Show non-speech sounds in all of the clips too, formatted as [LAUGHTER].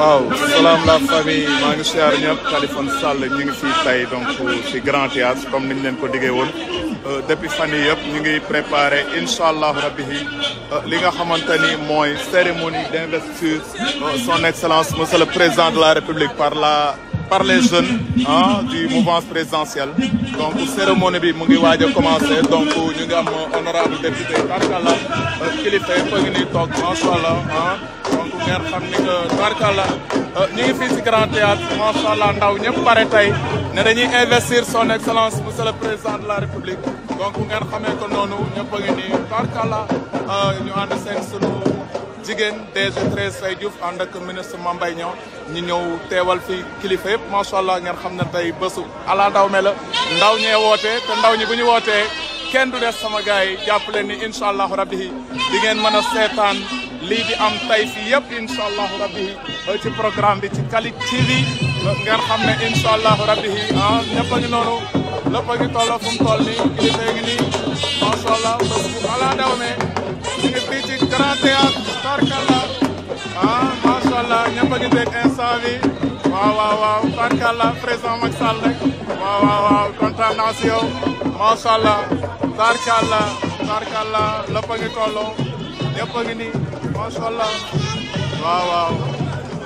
waaw salaam la famille maa ngi siyaar ñëpp Kaliphone Sall ñu ngi fii tey donc si Grand Théâtre comme niñ leen ko diggee woon euh, depuis fan yii yëpp ñu ngi préparé incha allah rabbi euh, li nga xamante ni mooy cérémonie d'investiture euh, son excellence monsieur le président de la république par la par les jeunes hein, du mouvement présidentiel donc cérémonie bi mu ngi commencer. a commencé donc ñu ngi am honorable député tarkala euh, kilifa yëpp a ngi nii toog macha ah donc ngeen xam ni que tarkala nous, euh, ngi fii grand théâtre macha allah ndaw fait un tey nous dañuy investir son excellence monsieur le président de la république donc ngeen xamee ko noonu ñëpp a ngi nii tarkala euh, ñu ànd seen sunu. jigéen DG Thérèse Faye Diouf ànd ak ministre Mame Mbaye Niang ñu ñëw teewal fi kilifa yëpp macha allah ngeen xam na tey bésu ala ndaw me la ndaw ñee woote te ndaw ñi bu ñu wootee kenn du des sama gars yi jàpp leen ni incha allahu rabbi di ngeen mën a seetaan lii di am tay fi yëpp incha allahu rabbi ci programme bi ci Kalik TV ngeen xam ne incha rabbi ah ñëpp a ngi noonu lépp a ngi toll fu mu toll nii kilifa yi ngi nii macha allah me ñu ngi fii ci Grand Théâtre Tarkalla ah macha allah ñëpp a ngi dégg instant bi waaw waaw waaw Tarkalla président Macky Sall rek waaw waaw waaw kontaan naa si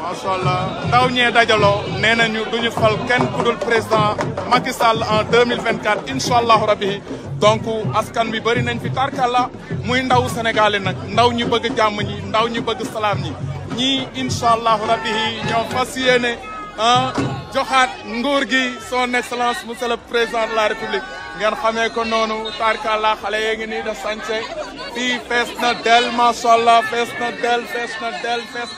macha allah ndaw ñee dajaloo nee nañu du ñu fal kenn ku dul président Macky Sall en 2024 incha allahu rabi donc askan bi bëri nañ fi tarkalla muy ndaw sénégalais nag ndaw ñi bëgg jàmm ñi ndaw ñi bëgg salaam ñi ñii incha allahu rabi ñoo fas yéene ah joxaat nguur gi son excellence monsieur le président de la république ngeen xamee ko noonu tarkalla xale yee ngi nii def sànce fii fees na del macha allah fees na del fees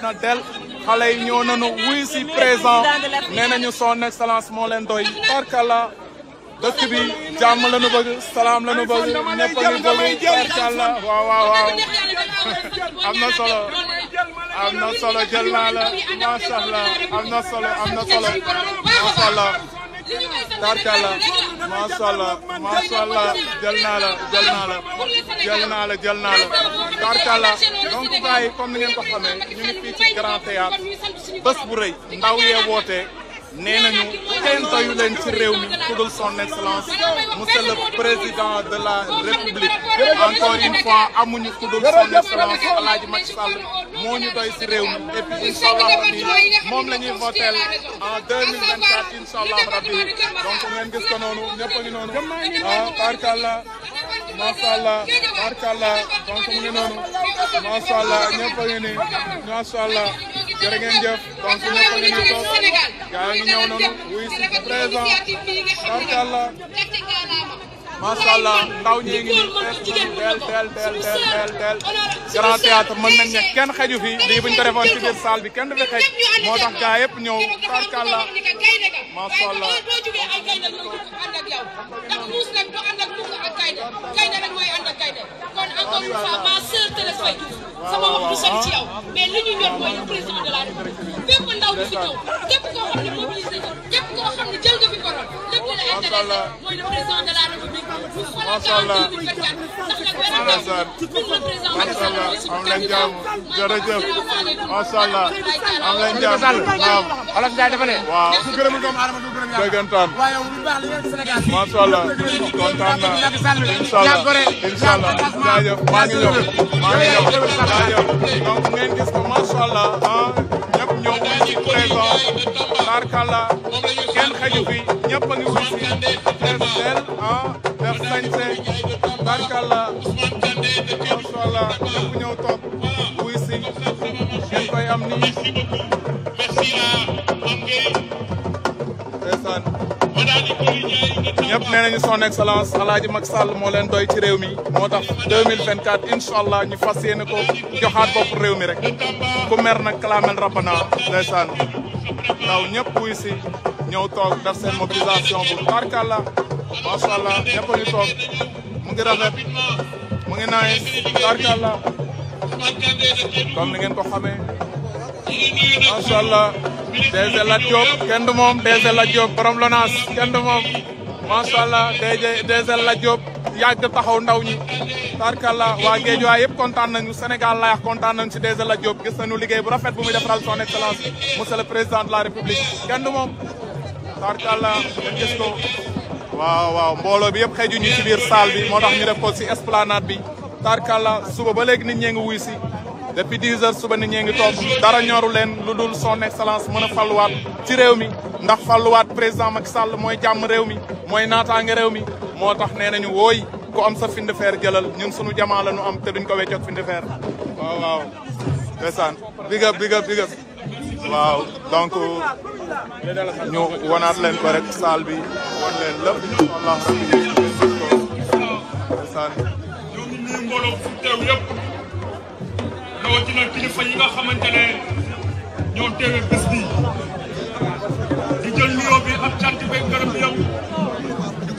na del xale yi ñoo nanu wuy si présent nee nañu son excellence moo leen doy barkalla dëkk bi jàmm la ñu bëgg salaam la ñu bëgg ñëpp a ñu bëgg barkalla waaw waaw waaw am na solo am na solo jël naa la macha allah am na solo am na solo macha allah tarkalla macha allah macha allah jël naa la jël naa la jël naa la jël naa la tarkalla donc gars yi comme ni ngeen ko xamee ñu ngi fii ci grand théâtre bés bu rëy ndaw yee wootee nee nañu kenn doyu leen ci réew mi ku dul son excellence monsieur le président de la république encore une fois amuñu ku dul son excellence El Hadj moo ñu doy ci réew mi et puis incha allah rabi moom la ñuy votel en deux mille vingt quatre incha allah rabi donc ngeen gis ko noonu ñëpp a ngi noonu ah barkalla macha allah barkalla donc mu ngi noonu macha allah ñëpp allah. jërë ngeen jëf donc ñëpp a ngi nii toog gaa ngi ñëw noonu wuy si présent tarkalla macha allah ndaw ñi ngi nii teel teel teel teel teel teel grand théâtre mën nañ ne kenn xeju fi lii buñ ko defoon ci biir salle bi kenn du fi xej moo tax gaa yëpp ñëw tarkalla macha allah ndax muus nag du ànd ak muus ak gaynde gaynde nag mooy ànd ak gaynde encore une fois ma sœur Thérèse Faye Diouf sama wax du sori ci yow mais li ñu ñor mooy le président de la République bépp ndaw bi fi ñëw képp koo xam ne mobilisé nga képp koo xam ne jël nga président de la République. macha allah am leen jàmm waaw dëggantaan macha allah kontaan naa incha allah incha allah jaajëf maa ngi ñëw maa ngi ñëw jaajëf donc ngeen gis ko macha allah ah. Senghor barkalla kenn xaju fi ñëpp a ngi wuy si fees del ah def sañse barkalla macha allah ñëpp ñëw toog wuy si ngeen koy am nii ndeysaan ñëpp nee nañu son excellence alaaji Macky Sall moo leen doy ci réew mi moo tax 2024 incha allah ñu fas yéene ko joxaat bopp réew mi rek ku mer nag kalaamel rappana ndeysaan ndaw ñëpp wuy si toog def seen mobilisation bu tarkalla macha allah ñëpp ñu toog mu ngi mu ngi naaj tarkalla comme ni ngeen ko xamee allah DG Lat Diop kenn moom DG Lat Diop borom Lonase kenn moom. macha allah DG DG Lat Diop yàgg taxaw ndaw ñi tarkalla waa Guédiawaye yëpp kontaan nañu Sénégal laa wax kontaan nañu ci DG Lat Diop gis nañu liggéey bu rafet bu muy defaral son excellence monsieur le président de la république kenn du moom tarkalla ngeen gis waaw waaw mbooloo bi yëpp xëju ñu ci biir salle bi moo tax ñu def ko si esplanade bi tarkalla suba ba léegi nit ñee ngi wuy si depuis 10 heures suba nit ñee ngi toog dara ñoru leen lu dul son excellence mën a falluwaat ci réew mi ndax falluwaat président Macky Sall mooy jàmm réew mi mooy naataange réew moo tax nee nañu wooy ku am sa fin de fer jëlal ñun sunu jamaa la am te ko weccoog fin de waaw waaw ndeysaan big waaw donc wanaat leen ko rek wan leen lépp wallah ndeysaan ñu ngi nii mbooloo fu teew yëpp rawatina kilifa ñoo teewee bés bi di jël nuyoo bi ak cant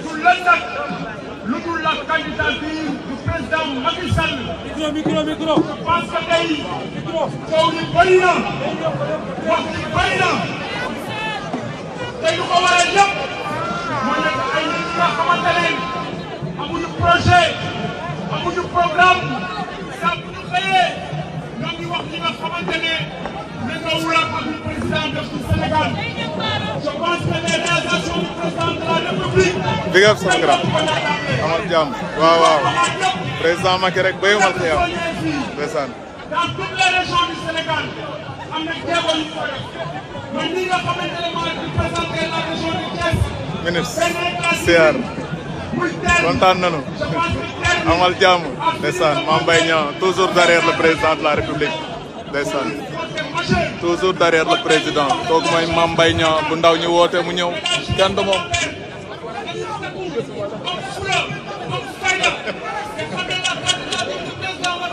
du lenn nag lu dul la candidature du président Macky Sall. micro micro micro. je pense que tey. micro coow li bëri na. wax li bëri na. te lu ko waral yëpp. moo nekk ay nit ñi nga xamante ne amuñu projet amuñu programme saa bu ñu xëyee ñoo ngi wax li nga xamante ne. Président Ourapa du président du Sénégal. Je pense que les réalisations du président Amal jàmm. Waaw waaw. Président Macky kontaan nañu amal jàmm ndeysaan Mame toujours derrière le président de la République ndeysaan toujours derrière le président kooku mooy Mame Mbaye Niang bu ndaw ñu woote mu ñëw kenn du moom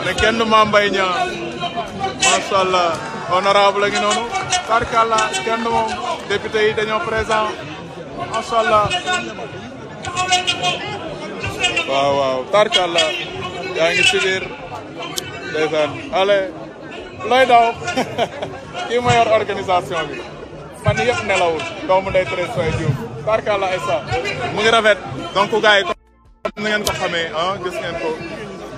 ne kenn du Mame Mbaye Niang macha allah honorable a ngi noonu tarkalla kenn du moom député yi dañoo présent macha allah waaw waaw tarkalla yaa ngi ci biir ndeysaan allez looy daw [LAUGHS] kii ma yor organisation bi man yëpp nelawul doomu ndey Thérèse Faye Diouf barkalla ay mu ngi rafet donc gars yi comme ni ngeen ko xamee ah gis ngeen ko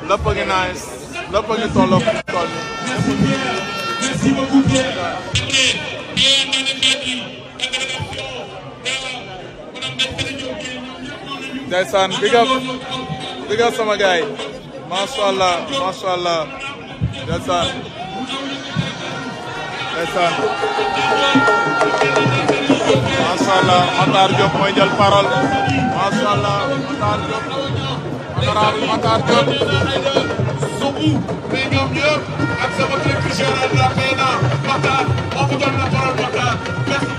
lépp a ngi nice lépp a ngi tolloo fi mu toll sama gars yi macha allah ndeysaan macha allah Matar Diop mooy jël parole macha allah Matar Diop honorable Matar Diop subu mais ñoom ñëpp ak sama directeur général de la PNA Matar moo ko doon la parole Matar merci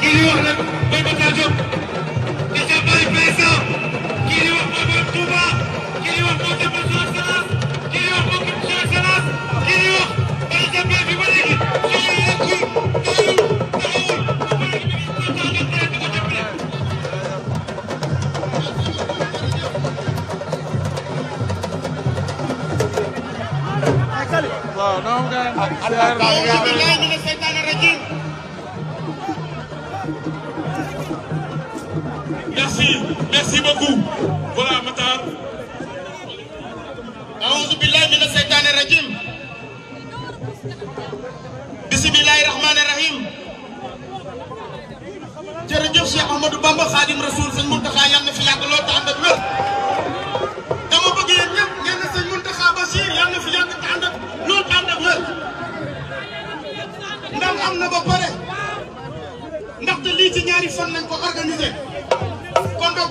kii li wax nag mooy Matar Diop dafa bari président waaw non kay. merci merci beaucoup. voilà Matar. aouzu billahi mina seytaani rajim. bismillahi rahmaani rahim. jërëjëf Cheikh Ahmadou Bamba Khadim Rasoul sëñ Mountakha yàlla na fi yàgg lool te ànd ak wér. ci ñaari fan lañ ko organisé kon donc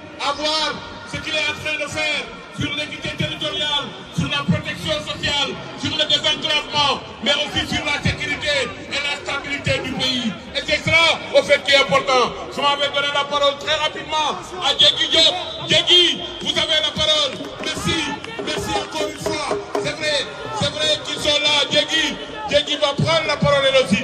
à voir ce qu'il est en train de faire sur l'équité territoriale, sur la protection sociale, sur le désengagement, mais aussi sur la sécurité et la stabilité du pays. Et c'est cela, au fait, qui est important. Je m'avais donné la parole très rapidement à Diegui Diop. Diegui, vous avez la parole. Merci, merci encore une fois. C'est vrai, c'est vrai qu'ils sont là, Diegui. Diegui va prendre la parole et le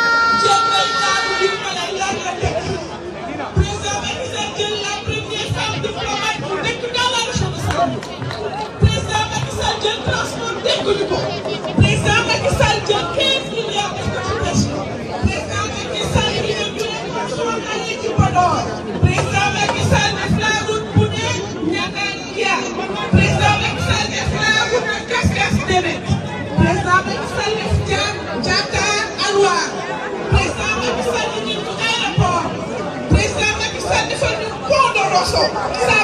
Wow.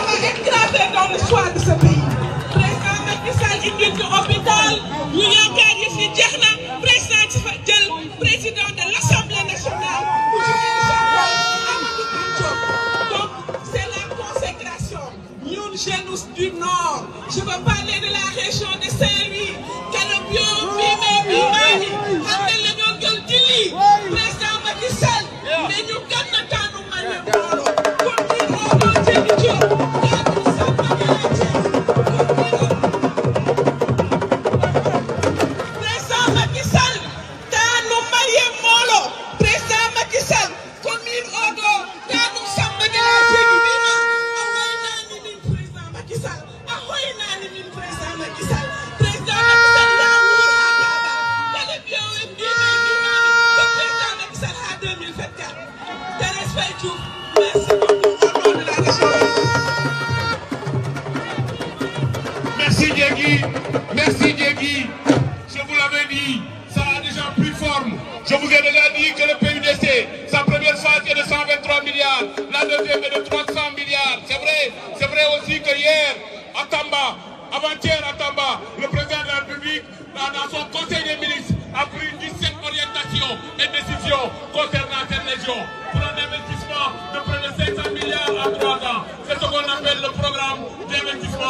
Je vous ai déjà dit que le PUDC, sa première phase est de 123 milliards, la deuxième est de 300 milliards. C'est vrai, c'est vrai aussi que hier, à Tamba, avant-hier à Tamba, le président de la République, dans son conseil des ministres, a pris 17 orientations et décisions concernant cette région pour un investissement de près de 500 milliards à trois ans. C'est ce qu'on appelle le programme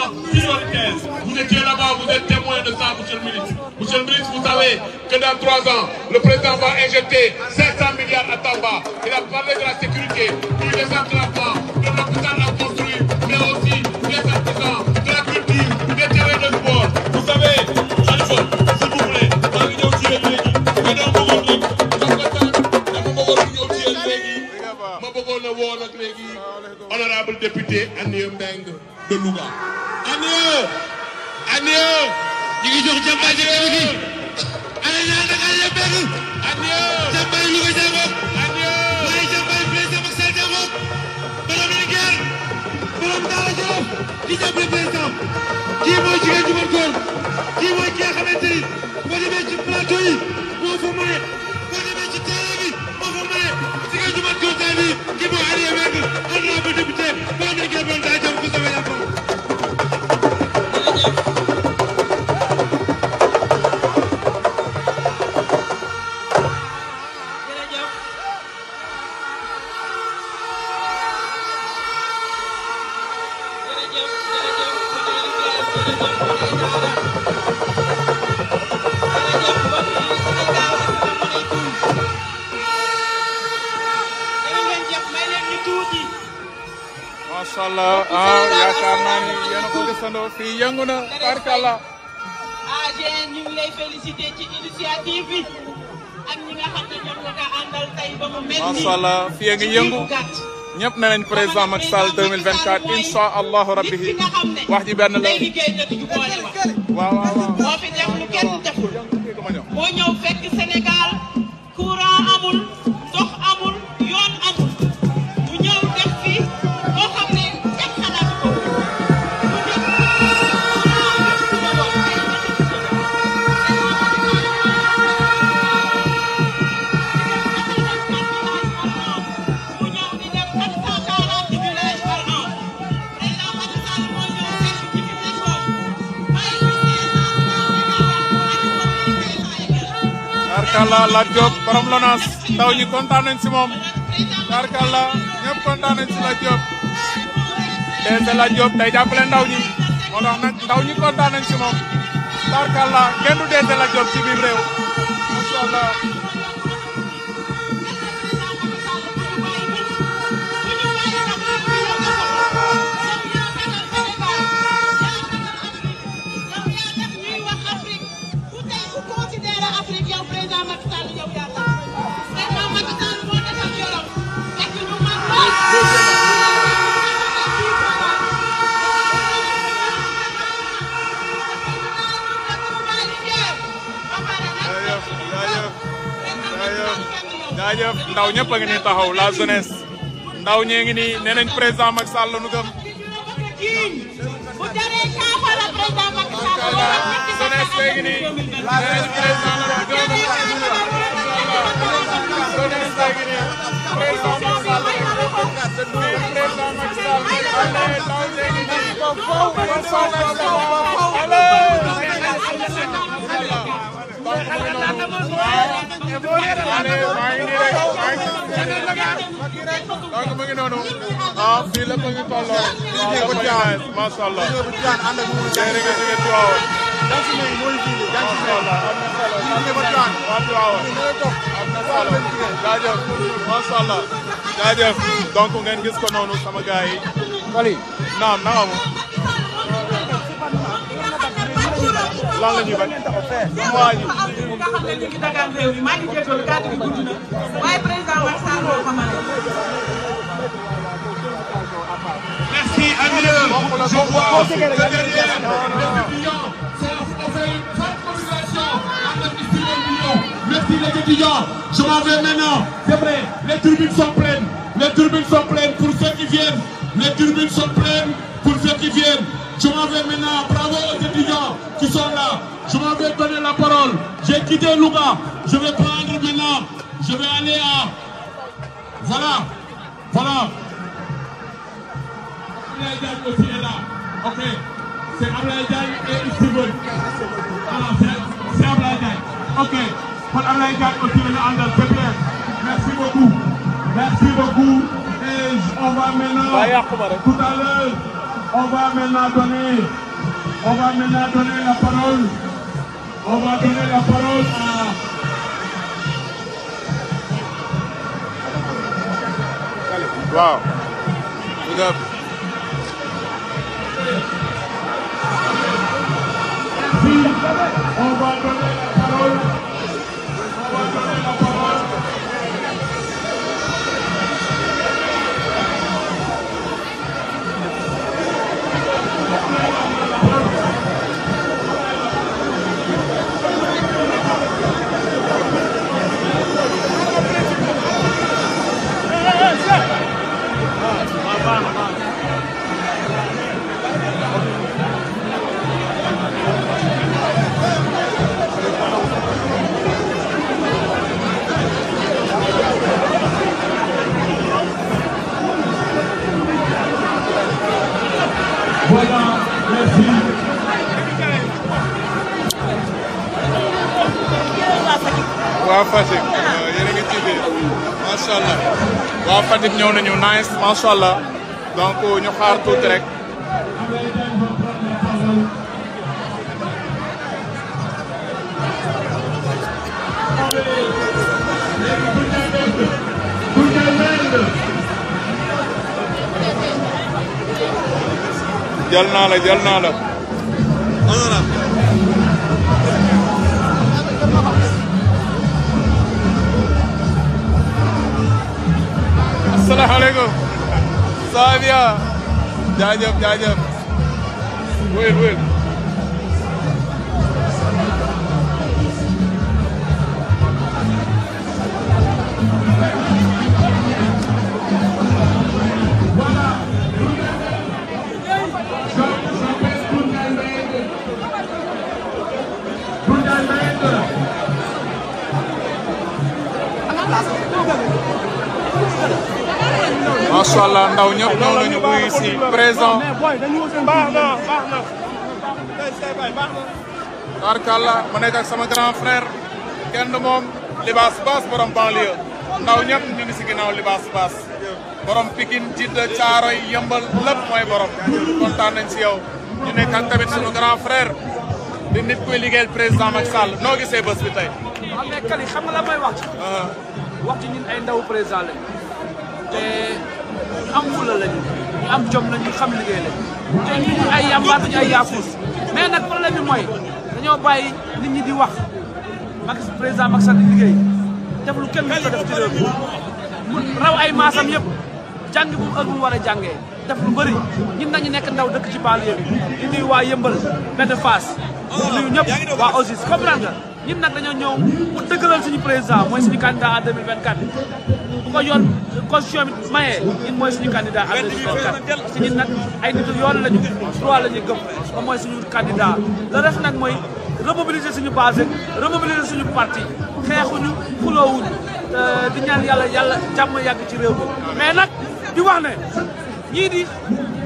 vraiment Vous étiez là-bas, vous êtes témoin de ça, monsieur le ministre. Monsieur le ministre, vous savez que dans trois ans, le président va injecter 500 milliards à Tamba. Il a parlé de la sécurité, du désenclavement, de l'hôpital à construire, mais aussi des artisans, de la culture, des terrains de sport. Vous savez, Khalifa, s'il vous plaît, dans l'Union Syrienne, vous avez un moment de Honorable député Annie Mbeng. de Louga. Anéo Anéo ñu ngi jox jàmbaay ci kaw gi. Allé naa Dakar yëpp dégg. Anéo jàmbaay Louga jàngoog. Anéo waaye jàmbaay président Macky Sall jàngoog. borom Linguère borom Daara Jolof di jàppale président. kii mooy jigéen ju mën góor. kii mooy ki nga xamante ni boo demee ci plateau yi moo fa mën Sikasso Mbacké Kouta bi ci boo arrière bi en tant que député boo nekkee bon daa jëm ku sama yàlla macha allah ah yaakaar naa ni yéen a ko gisandoo fii yëngu na barkalla. AG ah, ñu ngi lay félicité ci initiative bi ak ñi nga xam ne ñoom la ko àndal tey ba mu mel nii. macha allah fii ngi yëngu. ñëpp ne nañ président Macky Sall 2024 incha allahu rabbi wax ji benn la. waaw waaw waaw. boo fi def lu kenn deful. boo ñëw Tarkalla la Diop borom Lonase ndaw ñi kontaan nañ si moom Tarkalla ñëpp kontaan nañ si Lat Diop. DG Lat Diop day jàppale ndaw ñi moo tax nag ndaw ñi kontaan si moom Tarkalla kenn du DG Lat Diop ci biir réew macha allah. aja ndaw pengen a ngi nii taxaw la jeunesse ndaw ñee ngi nii nee président Sall nu bu la président Sall jeunesse ngi président jeunesse ngi président Sall allez allez. donc mu ngi noonu ah fii la ko ngi tolloo. waaw la ko ngi naan macha allah. léegi nga jógee Tiwaawan. macha allah am na solo. waaw Tiwaawan am na solo. jaajëf macha allah. jaajëf donc ngeen gis ko noonu sama gars yi. Fally naam na Merci à vous. je les merci les étudiants. je m'en vais maintenant. c'est vrai les tribunes sont pleines. les tribunes sont pleines pour ceux qui viennent. les tribunes sont pleines pour ceux qui viennent. Je m'en vais maintenant. Bravo aux étudiants qui sont là. Je m'en vais donner la parole. J'ai quitté Louga. Je vais prendre maintenant. Je vais aller à... Voilà. Voilà. aussi est là. Ok. C'est Ablaïdan et Steven. Ah, c'est Ablaïdan. Ok. Pour Ablaïdan aussi, le Andal, s'il Merci beaucoup. Merci beaucoup. Et on va maintenant, tout à l'heure, on va maintenant donner, on va maintenant donner la parole. On va donner la parole à. Wow. On va donner la parole. Voilà, merci. waa Fatick yéen a ngi ci biir macha allah waa Fatick ñëw nañu nice macha allah donc ñu xaar tuuti rek. jël naa la jël naa la. asalaamaaleykum. ça va bien. jaajëf jaajëf. wéyul wéyul. macha allah ndaw ñëpp ñëw nañu buy si présent. tarkalla ma nekk ak sama grand frère. kenn moom Libaas Baas borom banlieue. ndaw ñëpp ñu ngi si ginnaaw Libaas Baas. borom Pikine Jidda Caaroy Yëmbal lépp mooy borom. kontaan nañ si yow. ñu nekk ak tamit sunu grand frère. di nit kuy liggéeyal président Macky Sall noo gisee bés bi tey. waaw ah, mais Kali xam nga la may wax. Ah. wax ci ñun ay ndaw président lañ. te ñu am fulla lañu ñu am jom lañu xam liggéey lañu te ñu ay yàmbaar ñu ay yaafuus mais nag problème bi mooy dañoo bàyyi nit ñi di wax Macky président Macky Sall di liggéey def lu kenn ko def ci réew mu raw ay maasam yëpp jàng bu heure bu mu war a jàngee def lu bëri ñun nañu nekk ndaw dëkk ci baalu yëpp di nuyu waa yëmbal benn face di nuyu waa OSIS comprendre nga ñun nag dañoo ñëw pour dëggalal suñu président mooy suñu candidat à 2024 bu ko yoon constitution bi mayee ñun mooy suñu candidat Abdoulaye Diouf Sarr si ñun nag ay nit yoon lañu droit la ñuy gëm moom mooy suñu candidat la def nag mooy remobiliser suñu base remobiliser suñu parti xeexuñu xuloowuñu euh, di ñaan yàlla jàmm yàgg ci réew mi mais nag di wax ne ñii di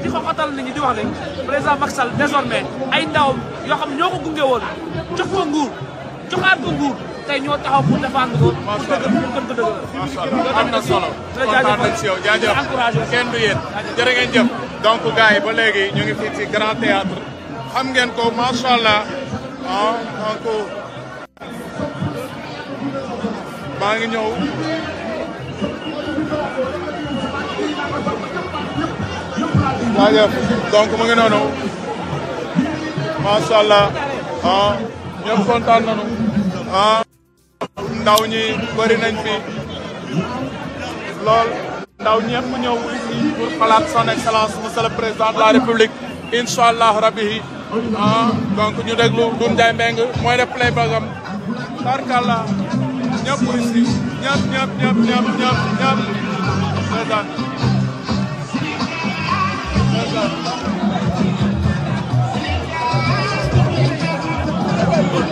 di xoxatal nit ñi di wax ne président Macky Sall désormais ay ndawam yoo xam ñoo ko gunge woon jox ko nguur joxaat ko nguur tey ñoo taxaw kenn du yéen jërë ngeen jëf. donc yi ba léegi ñu ngi fii ci grand théâtre xam ngeen ko macha allah ah donc maa ngi ñëw. jaajëf donc noonu macha allah ah kontaan nañu. ndaw ñi bëri nañ fi lool ndaw ñëpp ñëw ici pour xalaat son excellence monsieur le président de la république incha allah rabi ah donc ñu déglu Doudou Ndiaye Mbengue mooy def play bagam barkalla ñëpp ici ñëpp ñëpp ñëpp ñëpp ñëpp ñëpp président président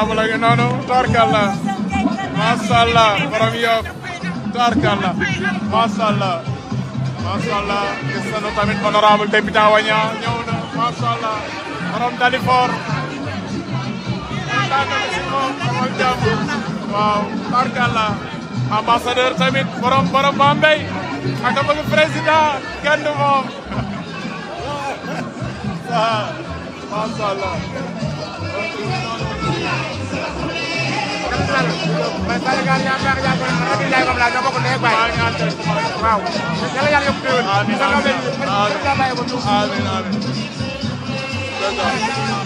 baabu la ngi noonu tarkalla masallah borom Yoff tarkalla masallah masallah gis nañu tamit honorable député waña ñëw na masallah borom Dalifort tànn si moom [LAUGHS] waaw yàlla yàlla yokk teewul. amiin amiin amiin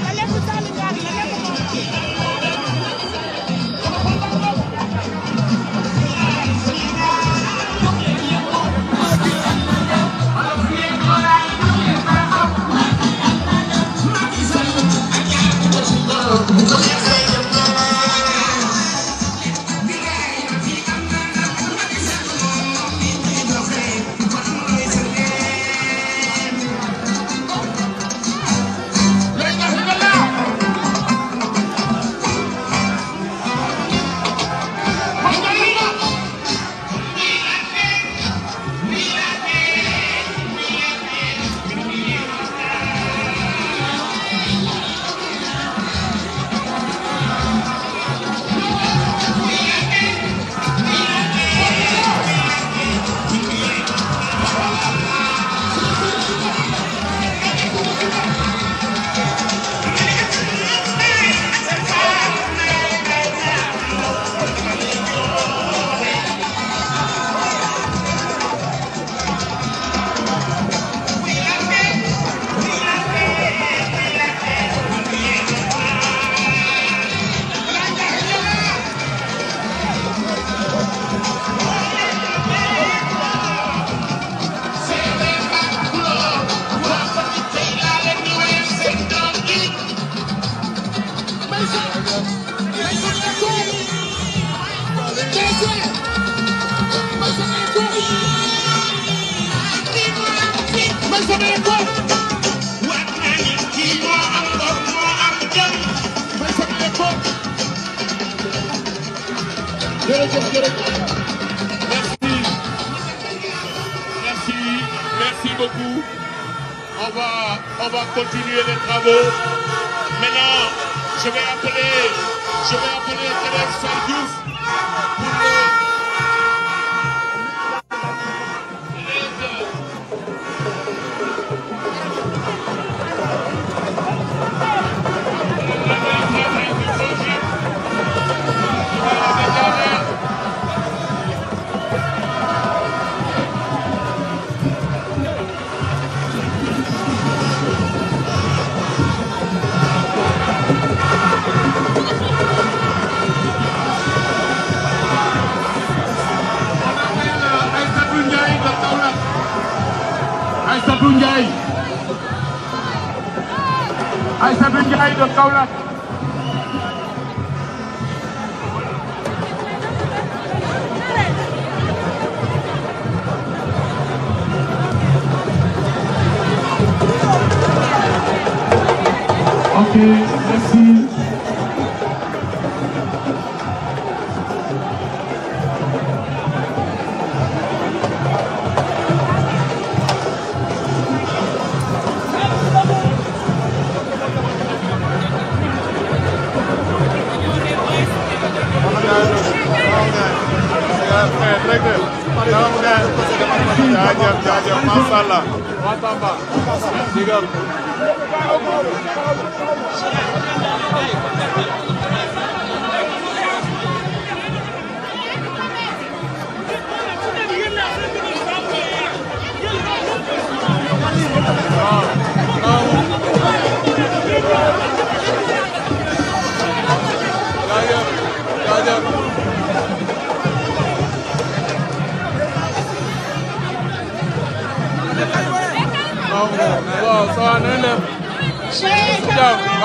Merci. Merci. Merci beaucoup. On va, on va continuer les travaux. Maintenant, je vais appeler, je vais appeler Thérèse Sardouf. Tunjay Aïssatou Ndiaye de Kaolack Okay. incha allah waa Tamba digal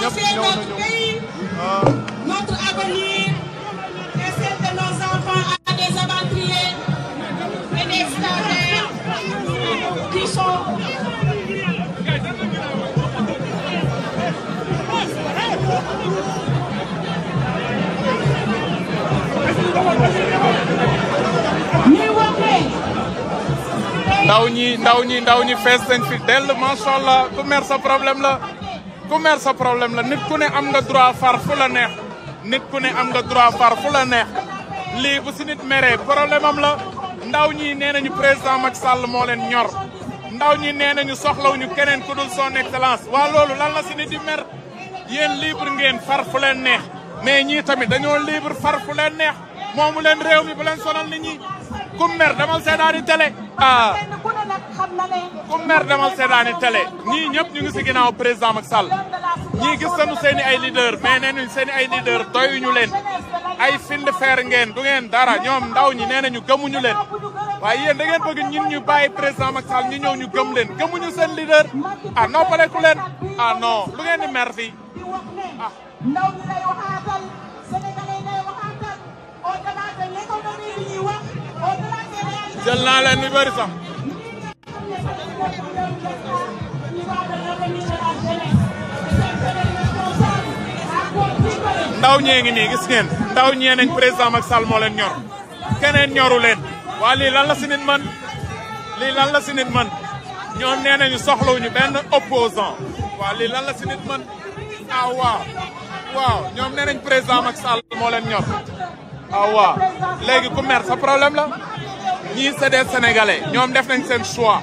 notre pays, notre avenir et celle de nos enfants à des aventuriers et des stagiaires qui sont... ndaw ñi ndaw ñi ndaw ñi seen problème là? commerce sa problème la nit ku ne am nga droit far fu la neex nit ku ne am nga droit far fu la neex lii bu si nit meree problème la ndaw ñi nee nañu président Macky Sall moo leen ñor ndaw ñi nee nañu soxlawuñu keneen ku dul son excellence waa loolu lan la si nit di mer yéen libre ngeen far fu leen neex mais ñii tamit dañoo libre far leen neex moomu leen réew mi bu leen sonal li ñi ku mer damal seedaani télé ah fu mer demal seedaani télé ñii ñëpp ñu ngi si ginnaaw président Macky Sall ñii gis nañu seen i ay leader mais nee seen i ay leader doyuñu leen ay find feer ngeen du ngeen dara ñoom ndaw ñi nee nañu gëmuñu leen waaye yéen da ngeen bëgg ñun ñu bàyyi président Macky Sall ñu ñëw ñu gëm leen gëmuñu seen leader ah noppaleku leen ah non lu ngeen di mer naa leen ñu bëri ndaw ñee ngi nii gis ngeen ndaw ñee nañ président Macky Sall moo leen ñor keneen ñoru leen waa lii lan la si nit man lii lan la si nit man ñoom nee nañu soxlawuñu benn opposant waa lii la si nit man ah waaw ñoom nee nañ président Macky Sall moo leen ñor ah waaw léegi ku mer sa problème la ñii c'est des sénégalais ñoom def nañ seen choix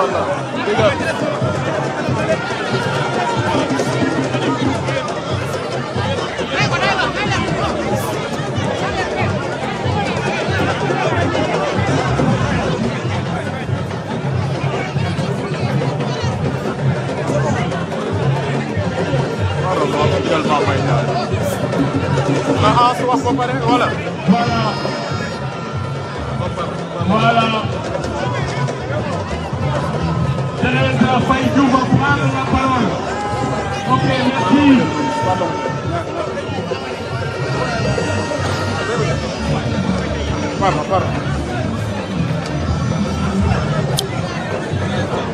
voilà. voilà. Thérèse Faye Diouf va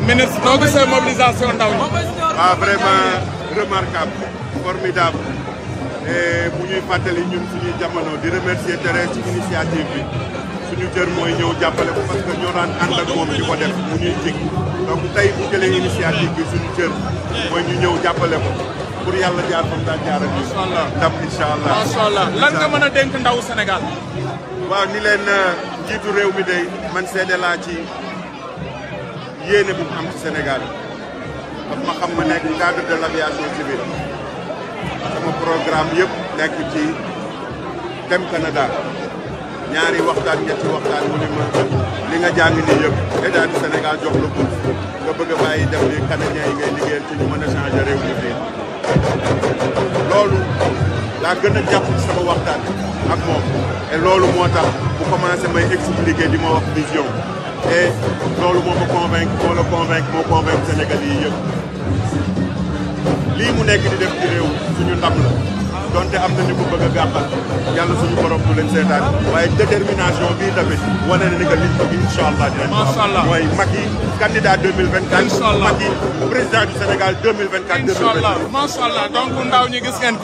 ministre noo gisee mobilisation ndaw ñi. waaw ah, vraiment ñuy fàttali ñun suñuy jamono di remercier Thérèse ci initiative bi suñu cër mooy ñëw jàppale ko parce que ñoo daan ànd ak moom di ko def mu ñuy jig donc tey bu jëlee initiative bi suñu cër mooy ñu ñëw jàppale yàlla jaar fam daal jaar ak ñun. macha allah ndam incha allah. lan nga mën a dénk ndaw Sénégal. waaw ni leen euh, jiitu réew mi day man seede laa ci yéene bu mu am ci Sénégal daf ma xam ma nekk cadre de l'aviation civile sama programme yëpp nekk ci dem Canada. ñaari waxtaan ñetti waxtaan mu li nga jàng nii yëpp état du Sénégal jox la bourse nga bëgg a bàyyi def li canadiens yi ngay liggéeyal ci ñu mën a changer réew mi fii sama waxtaan loolu moo tax bu commencé may expliquer di ma wax vision et loolu moo ma convaincre moo la convaincre moo convaincre Sénégal yi yëpp lii mu nekk di def ci réew suñu ndam la donté amna na ñu ko bëgg a yalla suñu borom du leen seetaan waye détermination bi tamit wane na ni que nit bëgg incha allah dinañ ko waye mooy Macky candidat 2024 incha allah président du Sénégal 2024 2024 incha allah allah donc ndaw ñi gis ngeen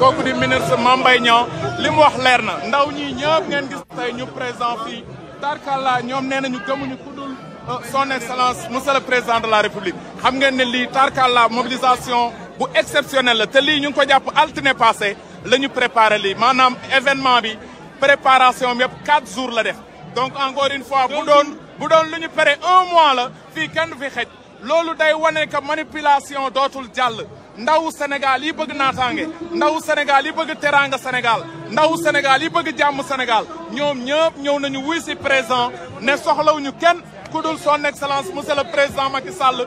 kooku di ministre Mambay Mbaye Niang li wax leer na ndaw ñi ñëpp ngeen gis tay ñu présent fi tarkala ñom nenañu gëmuñu kudul euh, son excellence monsieur le président de la république xam ngeen ne li tarkala mobilisation exceptionnel la te lii passé nous événement préparation quatre jours donc encore une fois bu un mois day que manipulation nous Sénégal yi bëgg ndaw Sénégal yi bëgg Sénégal ndaw Sénégal yi bëgg jamm Sénégal nañu présent kenn son excellence monsieur le président Macky Sall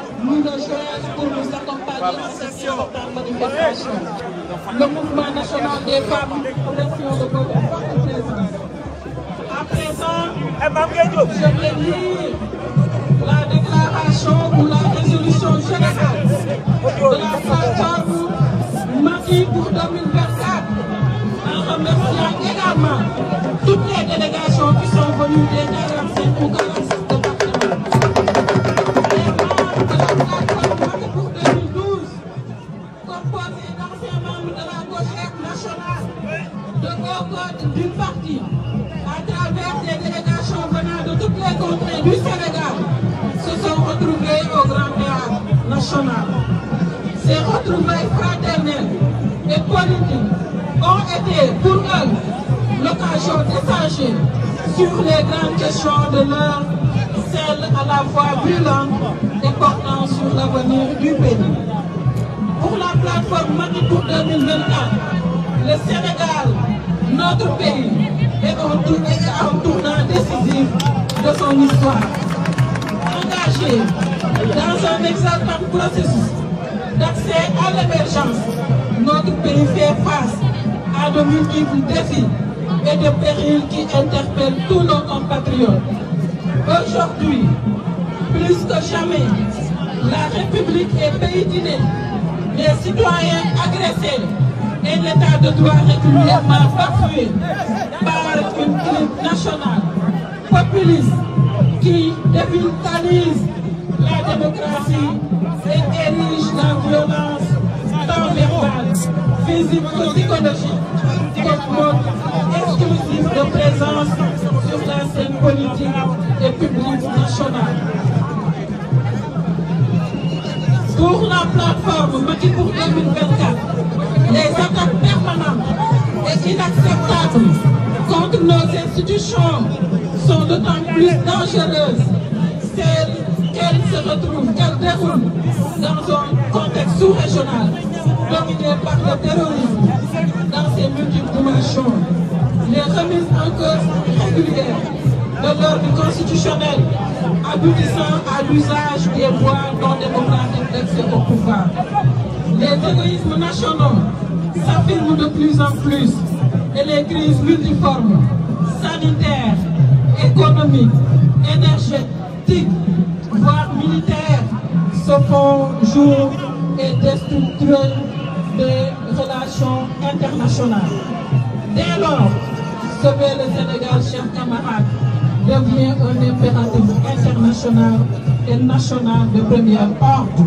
nous rejoindre pour nous accompagner dans cette importante manifestation. Le mouvement national des femmes pour l'action de Gaulle est À présent, je vais lire la déclaration ou la résolution générale de la plateforme Maki pour 2024 en remerciant également toutes les délégations qui sont venues des 45 ou du partie à travers des délégations venant de toutes les contrées du Sénégal, se sont retrouvés au Grand Théâtre national. Ces retrouvailles fraternelles et politiques ont été pour eux l'occasion d'échanger sur les grandes questions de l'heure, celles à la fois brûlantes et portant sur l'avenir du pays. Pour la plateforme Manitou 2024, le Sénégal notre pays est en tournant décisif de son histoire. Engagé dans un exaltant processus d'accès à l'émergence, notre pays fait face à de multiples défis et de périls qui interpellent tous nos compatriotes. Aujourd'hui, plus que jamais, la République est pays les citoyens agressés et l'état de droit régulièrement parfumé par une élite nationale populiste qui dévitalise la démocratie et érige la violence tant verbale, physique que psychologique comme mode exclusif de présence sur la scène politique et publique nationale. Pour la plateforme Petit pour 2024, les attaques permanentes et inacceptables contre nos institutions sont d'autant plus dangereuses qu'elles se retrouvent, qu'elles déroulent dans un contexte sous-régional dominé par le terrorisme dans ses multiples dimensions. Les remises en cause régulières de l'ordre constitutionnel aboutissant à l'usage des voies non démocratiques d'accès au pouvoir. Les égoïsmes nationaux s'affirment de plus en plus et les crises multiformes, sanitaires, économiques, énergétiques, voire militaires se font jour et destructurent des relations internationales. Dès lors, sauver le Sénégal, chers camarades, devient un impératif international et national de première ordre.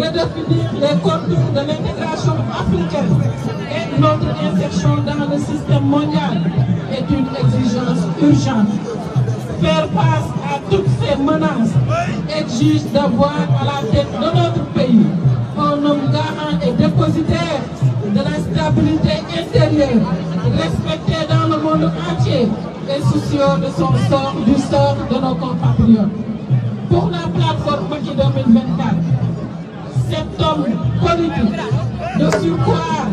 Redéfinir les contours de l'intégration africaine et notre insertion dans le système mondial est une exigence urgente. Faire face à toutes ces menaces exige d'avoir à la tête de notre pays un homme garant et dépositaire de la stabilité intérieure, respecté dans le monde entier et soucieux de son sort, du sort de nos compatriotes. Pour la plateforme Maki 2024, cet homme politique, de surcroît,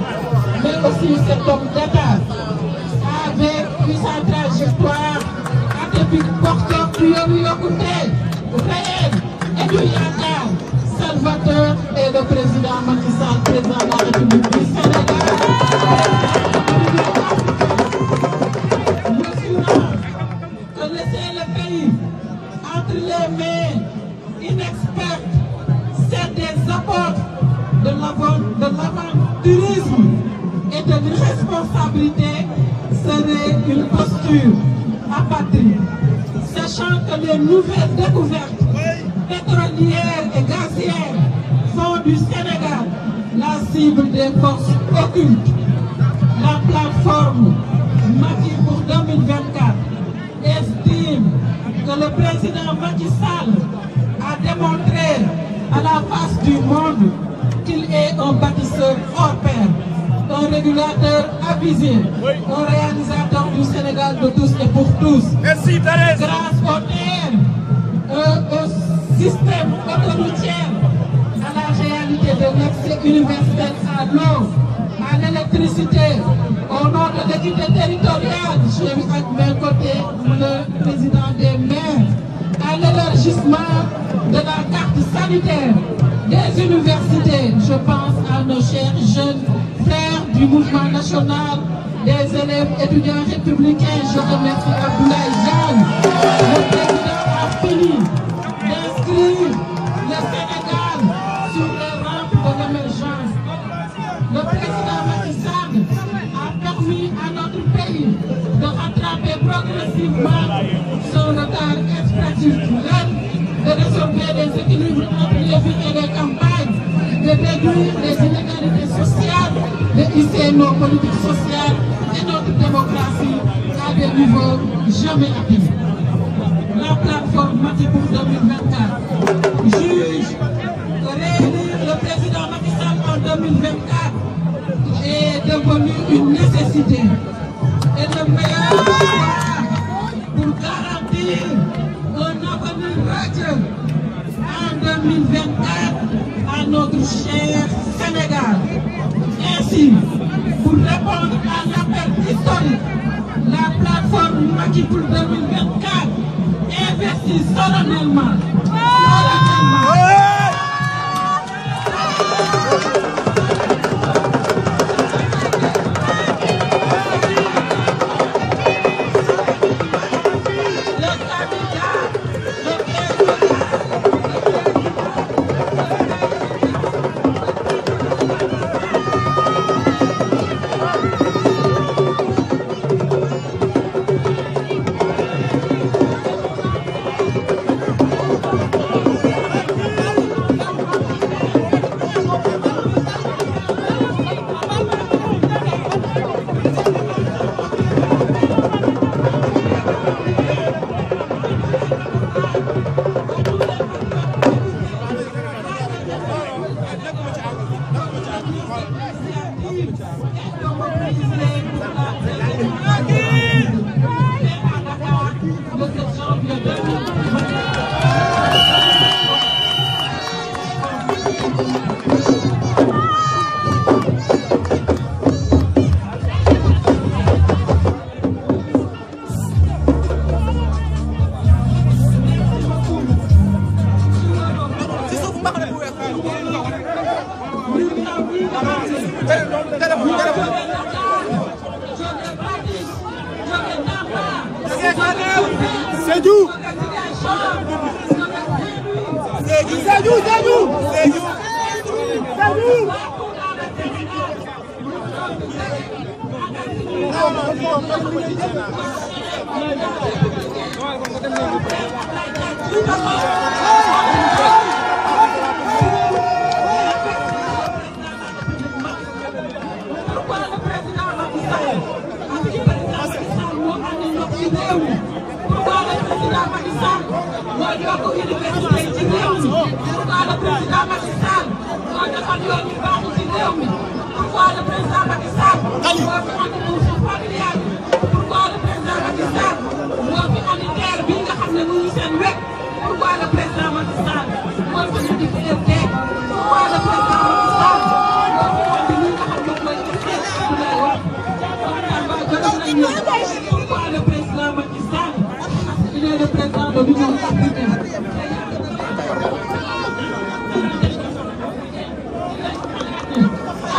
mais aussi cet homme d'État, avec une trajectoire atypique porteur du Yokouté, réel et du Yanda, Salvateur et le président Macky Sall, président de la République. à Patrie. sachant que les nouvelles découvertes pétrolières et gazières font du Sénégal la cible des forces occultes. La plateforme Mathieu pour 2024 estime que le président Macky a démontré à la face du monde qu'il est un bâtisseur hors pair, un régulateur avisé, un réalisateur pour de tous et pour tous. Merci Thérèse. Grâce au système euh, au système tiers à la réalité de l'accès universel à l'eau, à l'électricité, au nom de l'équité territoriale, je mettre de mes côtés le président des maires, à l'élargissement de la carte sanitaire des universités, je pense à nos chers jeunes frères du mouvement national les élèves étudiants républicains. Je remercie Abdoulaye Le président a fini d'inscrire le Sénégal sur les rampes de l'émergence. Le président Macky a permis à notre pays de rattraper progressivement son retard extraterritorial, de résorber les équilibres entre les villes et les campagnes, de réduire les inégalités sociales ici nos politiques sociales et notre démocratie à des niveaux jamais appris. La plateforme Matibou 2024 juge que réélire le président Macky en 2024 est devenu une nécessité et le meilleur pour garantir un avenir radieux en 2024 à notre cher Sénégal pour répondre à l'appel historique. La plateforme Maki pour 2024 investit solennellement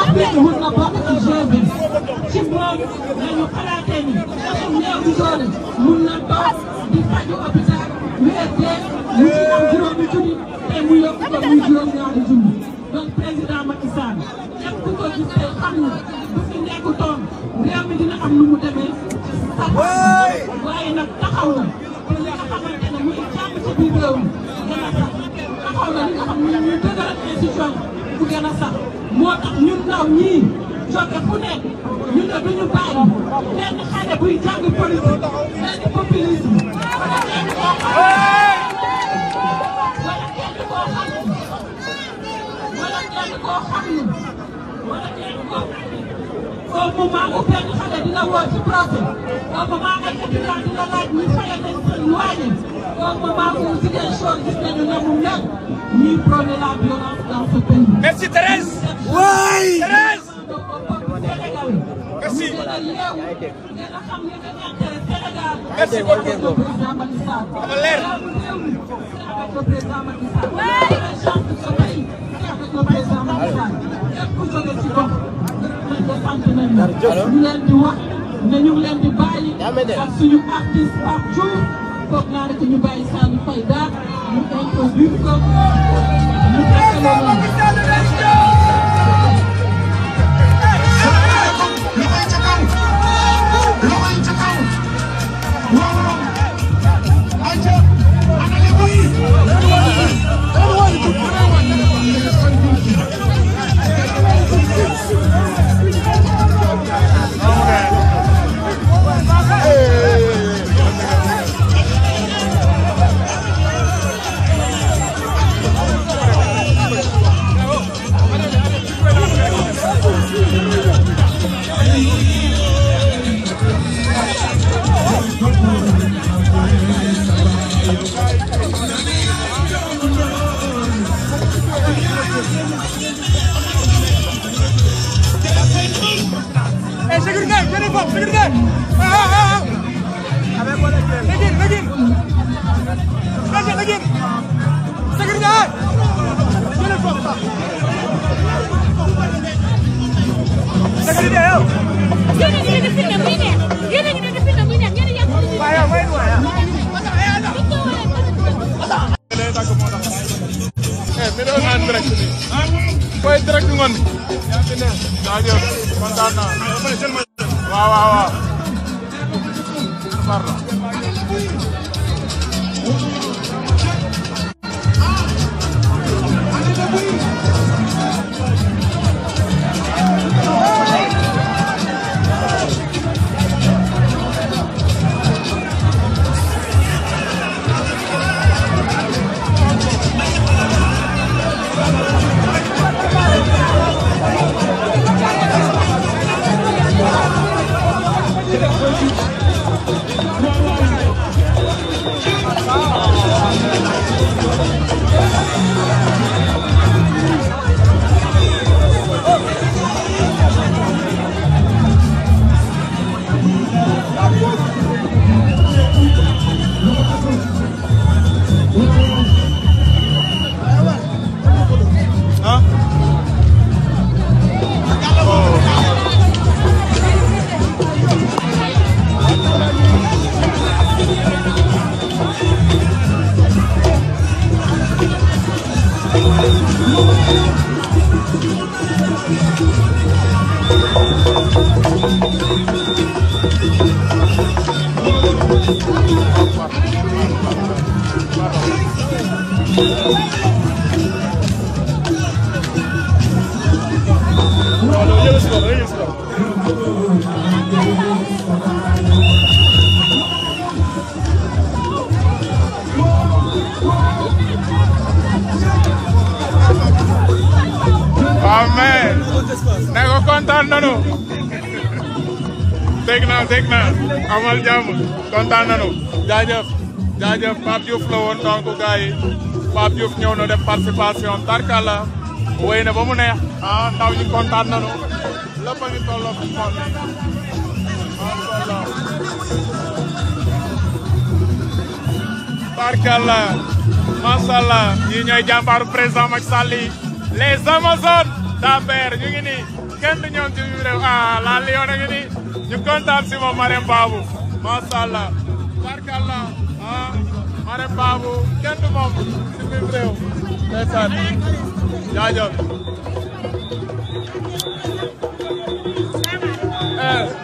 Après, on n'a pas de nañu xalaatee ni dafa néew di mun na doon di faju hôpital USD mu ci am juróomi junni te mu yokk ko muy juróom-ñaari junni donc président Macky Sall ku ko gis tey xam ni bu fi nekk toon réew mi dina am nu mu demee sax waaye nag taxaw na muy jàmm ci biir réew taxaw na li nga xam ne ñu dëgëral institution bu gën sax moo tax ñun ndaw ñii jóge fu ñu ne du ñu bàyyi benn xale buy jàng politique benn populisme wala kenn koo xam wala kenn koo xam wala kenn koo xam wala kenn koo xam au moment où benn xale dina woo ci procès au moment ay étudiants dina laaj ñu fayal leen seen loyer au moment où Ziguinchor gis nañu ne mu mel ñuy prôner la violence dans ce pays. Merci Thérèse. waay. merci beaucoup. dama leer. allo. ñu leen di wax ne ñu leen di bàyyi. ak suñu artiste Pape Diouf foog naa ne ñu bàyyi Sani Faye daal ñu introduire ko. Yeah. bopp sigil de sigil sigil sigil sigil sigil de jëlal bopp sax sigil de yow yéen a ngi def fitna muy neex yéen a ngi def fitna muy neex ngeen yàq waaye waaye waaye video わわわ。amal jàmm kontaan nañu jaajëf jaajëf Pape la woon donc gars yi Pape Diouf ñëw na def participation tarkala wéy na ba mu neex ah ndaw ñi kontaan nañu lépp a ngi tolloo fi xool tarkala macha allah ñooy jàmbaaru président Macky Sall yi les Amazones d'Amber ñu ngi nii kenn du ñoom ci ñu kontaan si moom Marème Babou macha barkalla ah Marème Babou kenn moom si biir réew ndeysaan jaajëf eh.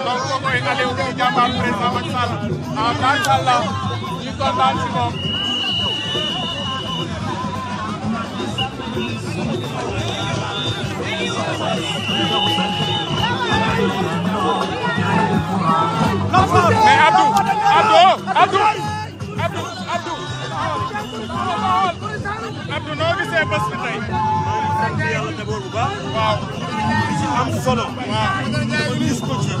Doamna Moina Leu, degeaba presa în sală. Am dat sala, din tot dați-vă. Mais abdu abdu abdu abdu abdu abdu abdu gisee bés bi tey. sant yàlla d'abord bu baax. waaw. am solo. waaw gis ko ci.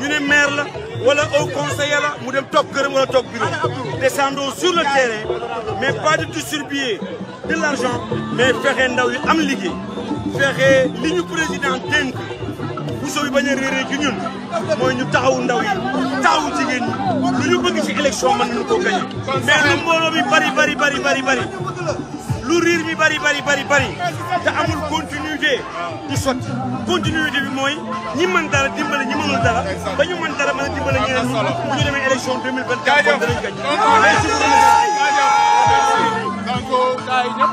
Nous sommes maire la au conseiller nous mu dem top la top descendons sur le terrain mais pas du tout sur le pied de l'argent mais faire un am Faire président bañ a ci ñun en ñu nous ndaw yi Nous sommes Nous élection mais nous avons lu riir mi bari bari bari bari te amul continuité du sotti continuité bi mooy ñi dara dimbale ñi dara ba dara mën a dimbale ñeneen bu ñu demee élection 2024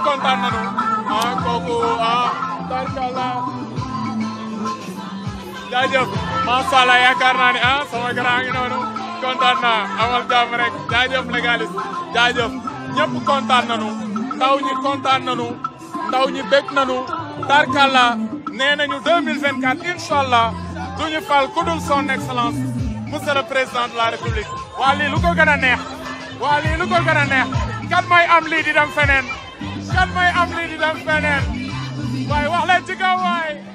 kon danañ ah, ah, yaakaar naa ne ah, sama grand ngi noonu amal jàmm rek jaajëf légaliste jaajëf ñëpp kontaan ndaw ñi kontaan nañu ndaw ñi bég nañu tarkalla nee nañu 2024 incha allah du ñu fal ku dul son excellence monsieur le président de la république. waa lii lu ko gën a neex waa lii lu ko gën a neex kan mooy am lii di dem feneen kan mooy am lii di dem feneen waaye wax leen ci kaw